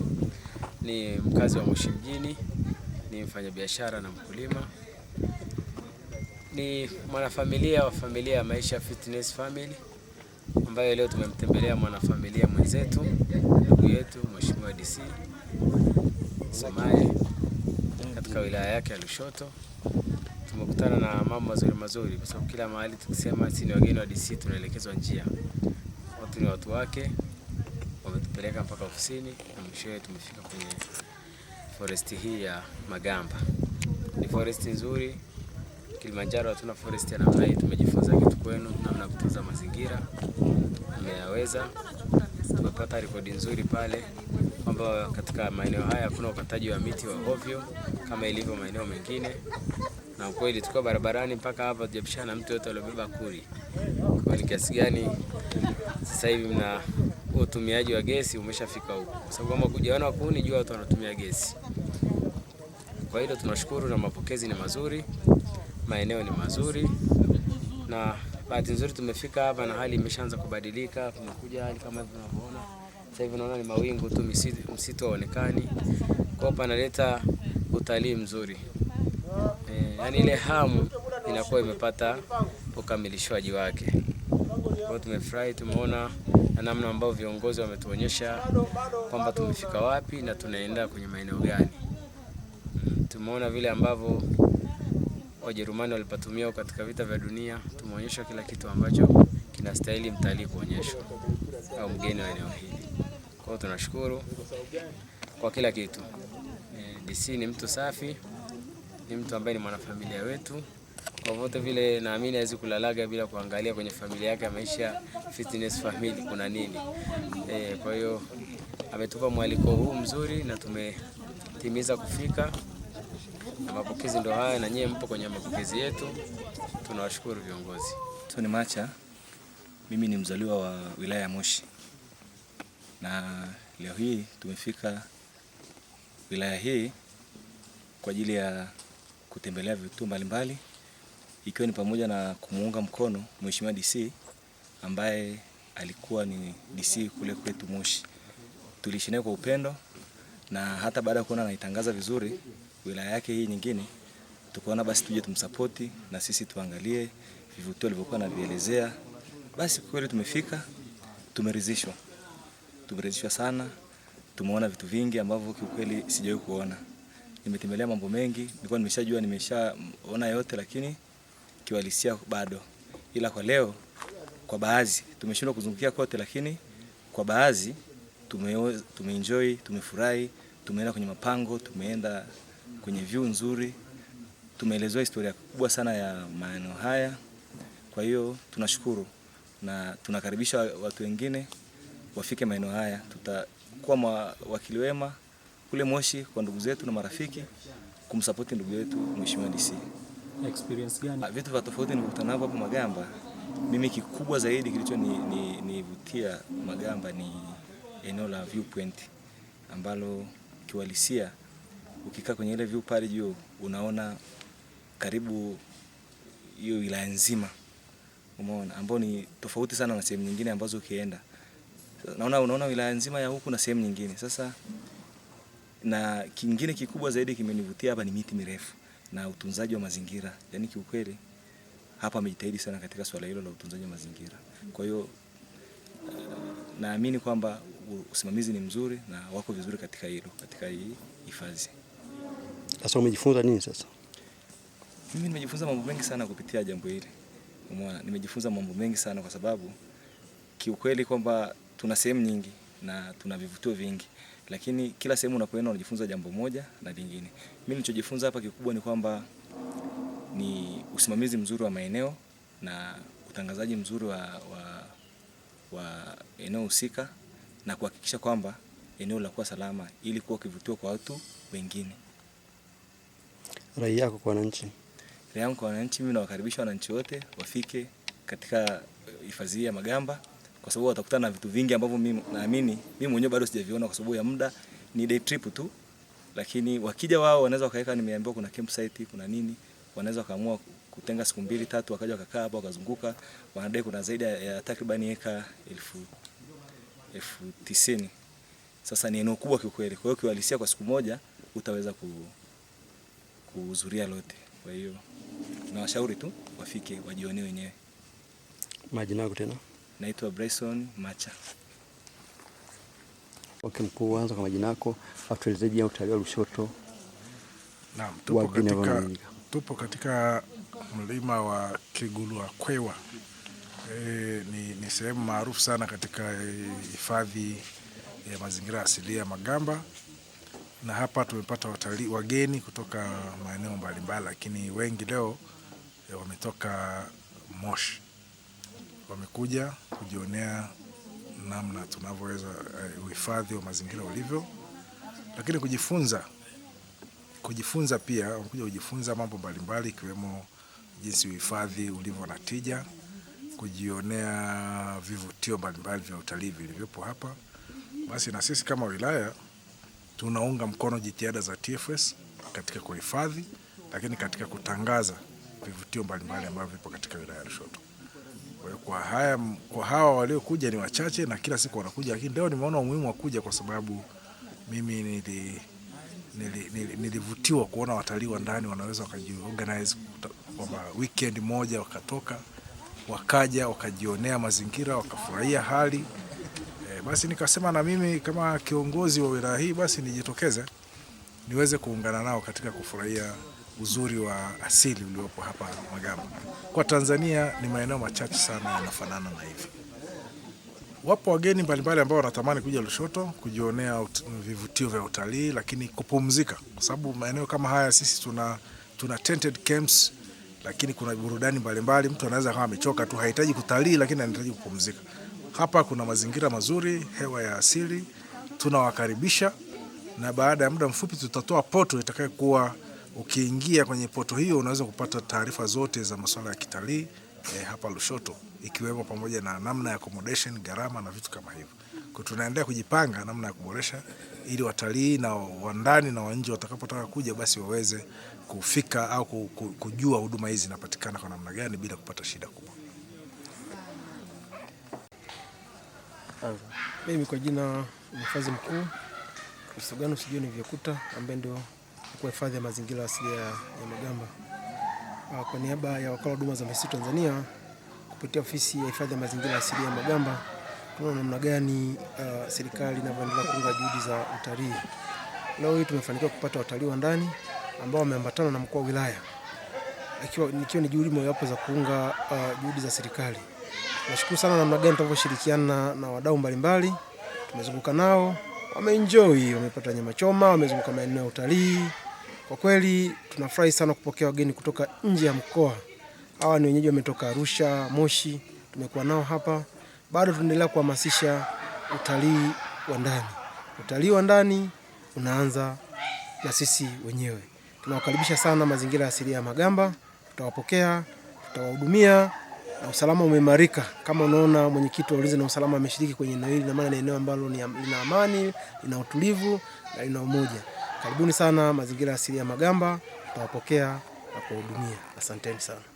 Mdudu ni mkazi wa Moshi mjini, ni mfanyabiashara na mkulima, ni mwanafamilia wa familia ya Maisha Fitness Family ambayo leo tumemtembelea mwanafamilia mwenzetu ndugu yetu Mheshimiwa DC Sumaye katika wilaya yake ya Lushoto. Tumekutana na mambo mazuri mazuri, kwa sababu kila mahali tukisema sisi ni wageni wa DC tunaelekezwa njia. Watu ni watu wake, wametupeleka mpaka ofisini mwishowe tumefika kwenye foresti hii ya Magamba. Ni foresti nzuri. Kilimanjaro hatuna foresti ya namna hii. Tumejifunza kitu kwenu, namna kutunza mazingira tumeyaweza. Tumepata rekodi nzuri pale kwamba katika maeneo haya hakuna ukataji wa miti wa ovyo kama ilivyo maeneo mengine, na kweli tulikuwa barabarani mpaka hapa tujapishana na mtu yote aliyobeba kuri, kwa ni kiasi gani sasa hivi mna utumiaji wa gesi umeshafika huko, kwa sababu kama kujaona kuni jua watu wanatumia gesi. Kwa hilo tunashukuru, na mapokezi ni mazuri, maeneo ni mazuri, na bahati nzuri tumefika hapa na hali imeshaanza kubadilika. Tumekuja hali kama tunavyoona sasa hivi, naona ni mawingu tu, msitu haonekani, kwa panaleta utalii mzuri e, yani ile hamu inakuwa imepata ukamilishwaji wake. Kwa tumefurahi, tumeona na namna ambayo viongozi wametuonyesha kwamba tumefika wapi na tunaenda kwenye maeneo gani. Tumeona vile ambavyo Wajerumani walipatumia katika vita vya dunia, tumeonyeshwa kila kitu ambacho kinastahili mtalii kuonyeshwa au mgeni wa eneo hili. Kwa hiyo tunashukuru kwa kila kitu. Eh, DC ni mtu safi, ni mtu ambaye ni mwanafamilia wetu. Kwa vote vile naamini hawezi kulalaga bila kuangalia kwenye familia yake maisha fitness family kuna nini. E, kwa hiyo ametupa mwaliko huu mzuri na tumetimiza kufika na mapokezi ndo haya, na nyie mpo kwenye mapokezi yetu. Tunawashukuru viongozi. Tony Macha, mimi ni mzaliwa wa wilaya ya Moshi na leo hii tumefika wilaya hii kwa ajili ya kutembelea vituo mbalimbali ikiwa ni pamoja na kumuunga mkono Mheshimiwa DC ambaye alikuwa ni DC kule kwetu Moshi. Tuliishi naye kwa upendo na hata baada ya kuona anaitangaza vizuri wilaya yake hii nyingine, tukaona basi tuje tumsapoti na sisi tuangalie vivutio alivyokuwa anavielezea. Basi kweli tumefika, tumeridhishwa, tumeridhishwa sana. Tumeona vitu vingi ambavyo kiukweli sijawahi kuona. Nimetembelea mambo mengi, nilikuwa nimeshajua, nimeshaona yote lakini kiwalisia bado, ila kwa leo kwa baadhi tumeshindwa kuzungukia kote, lakini kwa baadhi tumeenjoy, tumefurahi, tumeenda kwenye mapango, tumeenda kwenye view nzuri, tumeelezewa historia kubwa sana ya maeneo haya. Kwa hiyo tunashukuru na tunakaribisha watu wengine wafike maeneo haya. Tutakuwa mawakili wema kule Moshi kwa ndugu zetu na marafiki kumsapoti ndugu yetu Mheshimiwa DC. Experience gani? Ah, vitu vya tofauti nilikutana navyo hapo Magamba. Mimi kikubwa zaidi kilicho ni, ni Magamba ni eneo la viewpoint ambalo kiwalisia ukikaa kwenye ile view pale juu unaona karibu hiyo wilaya nzima, umeona, ambao ni tofauti sana na sehemu nyingine ambazo ukienda naona unaona wilaya nzima ya huku na sehemu nyingine. Sasa na kingine kikubwa zaidi kimenivutia hapa ni miti mirefu na utunzaji wa mazingira. Yaani kiukweli hapa amejitahidi sana katika swala hilo la utunzaji wa mazingira. Kwa hiyo eh, naamini kwamba usimamizi ni mzuri na wako vizuri katika hilo, katika hii hifadhi. Sasa umejifunza nini sasa? Mimi nimejifunza mambo mengi sana kupitia jambo hili. Umeona, nimejifunza mambo mengi sana kwa sababu kiukweli kwamba tuna sehemu nyingi na tuna vivutio vingi lakini kila sehemu unapoenda unajifunza jambo moja na lingine. Mimi nilichojifunza hapa kikubwa ni kwamba ni usimamizi mzuri wa maeneo na utangazaji mzuri wa, wa, wa eneo husika na kuhakikisha kwamba eneo linakuwa salama ili kuwa kivutio kwa watu wengine. Rai yako kwa wananchi? Rai yangu kwa wananchi, mimi nawakaribisha wananchi wote wafike katika hifadhi ya Magamba kwa sababu watakutana na vitu vingi ambavyo mimi naamini mimi mwenyewe bado sijaviona kwa sababu ya muda, ni day trip tu, lakini wakija wao wanaweza wakaweka, nimeambiwa kuna campsite, kuna nini, wanaweza wakaamua kutenga siku mbili tatu, wakaja wakakaa hapa wakazunguka. Wanadai kuna zaidi ya takribani eka elfu, elfu tisini. Sasa ni eneo kubwa kiukweli, kwa hiyo kiuhalisia kwa siku moja utaweza kuhudhuria lote. Kwa hiyo na tu wafike wajionee wenyewe. Majina yako tena? Naitwa Bryson Macha. Okay, mkuu, anza kwa majina yako, atuelezeje ya utalii wa Lushoto. Naam, tupo katika, tupo katika mlima wa Kigulua Kwewa. E, ni, ni sehemu maarufu sana katika hifadhi ya mazingira asilia ya Magamba, na hapa tumepata watalii wageni kutoka maeneo mbalimbali, lakini wengi leo e, wametoka Moshi wamekuja kujionea namna tunavyoweza eh, uhifadhi uh, wa mazingira ulivyo, lakini kujifunza kujifunza pia, wamekuja kujifunza mambo mbalimbali ikiwemo jinsi uhifadhi ulivyo na tija, kujionea vivutio mbalimbali vya utalii vilivyopo hapa. Basi na sisi kama wilaya tunaunga mkono jitihada za TFS katika kuhifadhi, lakini katika kutangaza vivutio mbalimbali ambavyo vipo katika wilaya ya Lushoto. Kwa, haya, kwa hawa waliokuja ni wachache na kila siku wanakuja, lakini leo nimeona umuhimu wa kuja kwa sababu mimi nili nilivutiwa kuona watalii wa ndani wanaweza wakajiorganize kwamba weekend moja wakatoka wakaja wakajionea mazingira wakafurahia hali e, basi nikasema na mimi kama kiongozi wa wilaya hii basi nijitokeze niweze kuungana nao katika kufurahia uzuri wa asili uliopo hapa Magamba. Kwa Tanzania ni maeneo machache sana yanafanana na hivi. Wapo wageni mbalimbali ambao wanatamani kuja Lushoto kujionea vivutio vya utalii, lakini kupumzika, kwa sababu maeneo kama haya sisi tuna, tuna tented camps, lakini kuna burudani mbalimbali. Mtu anaweza kama amechoka tu, hahitaji kutalii, lakini anahitaji kupumzika. Hapa kuna mazingira mazuri, hewa ya asili, tunawakaribisha na baada ya muda mfupi tutatoa poto itakayokuwa Ukiingia kwenye poto hiyo unaweza kupata taarifa zote za masuala ya kitalii e, hapa Lushoto ikiwemo pamoja na namna ya accommodation, gharama na vitu kama hivyo. Kwa tunaendelea kujipanga namna ya kuboresha ili watalii na wa ndani na wa nje watakapotaka kuja basi waweze kufika au kujua huduma hizi zinapatikana kwa namna gani bila kupata shida kubwa. Mimi kwa jina mhifadhi mkuu Rusagano Sijoni Vyakuta ambaye ndio kuhifadhi ya mazingira asilia ya Magamba. Ah, kwa niaba ya wakala huduma za misitu Tanzania kupitia ofisi ya hifadhi ya mazingira asilia ya Magamba, tunaona namna gani uh, serikali inavyoendelea kuunga juhudi za utalii. Leo hii tumefanikiwa kupata watalii wa ndani ambao wameambatana na mkuu wa wilaya, ikiwa ni juhudi mojawapo za kuunga uh, juhudi za serikali. Nashukuru sana namna gani tunavyoshirikiana na wadau mbalimbali, tumezunguka nao, wameenjoy, wamepata nyama choma, wamezunguka maeneo ya utalii. Kwa kweli tunafurahi sana kupokea wageni kutoka nje ya mkoa. Hawa ni wenyeji wametoka Arusha, Moshi, tumekuwa nao hapa. Bado tunaendelea kuhamasisha utalii wa ndani. Utalii wa ndani unaanza na sisi wenyewe. Tunawakaribisha sana mazingira asilia ya Magamba, tutawapokea, tutawahudumia na usalama umeimarika. Kama unaona mwenyekiti wa ulinzi na usalama ameshiriki kwenye eneo hili, na maana ni eneo ambalo lina amani, lina utulivu na lina umoja. Karibuni sana mazingira asili ya Magamba, tutawapokea na kuwahudumia. Asanteni sana.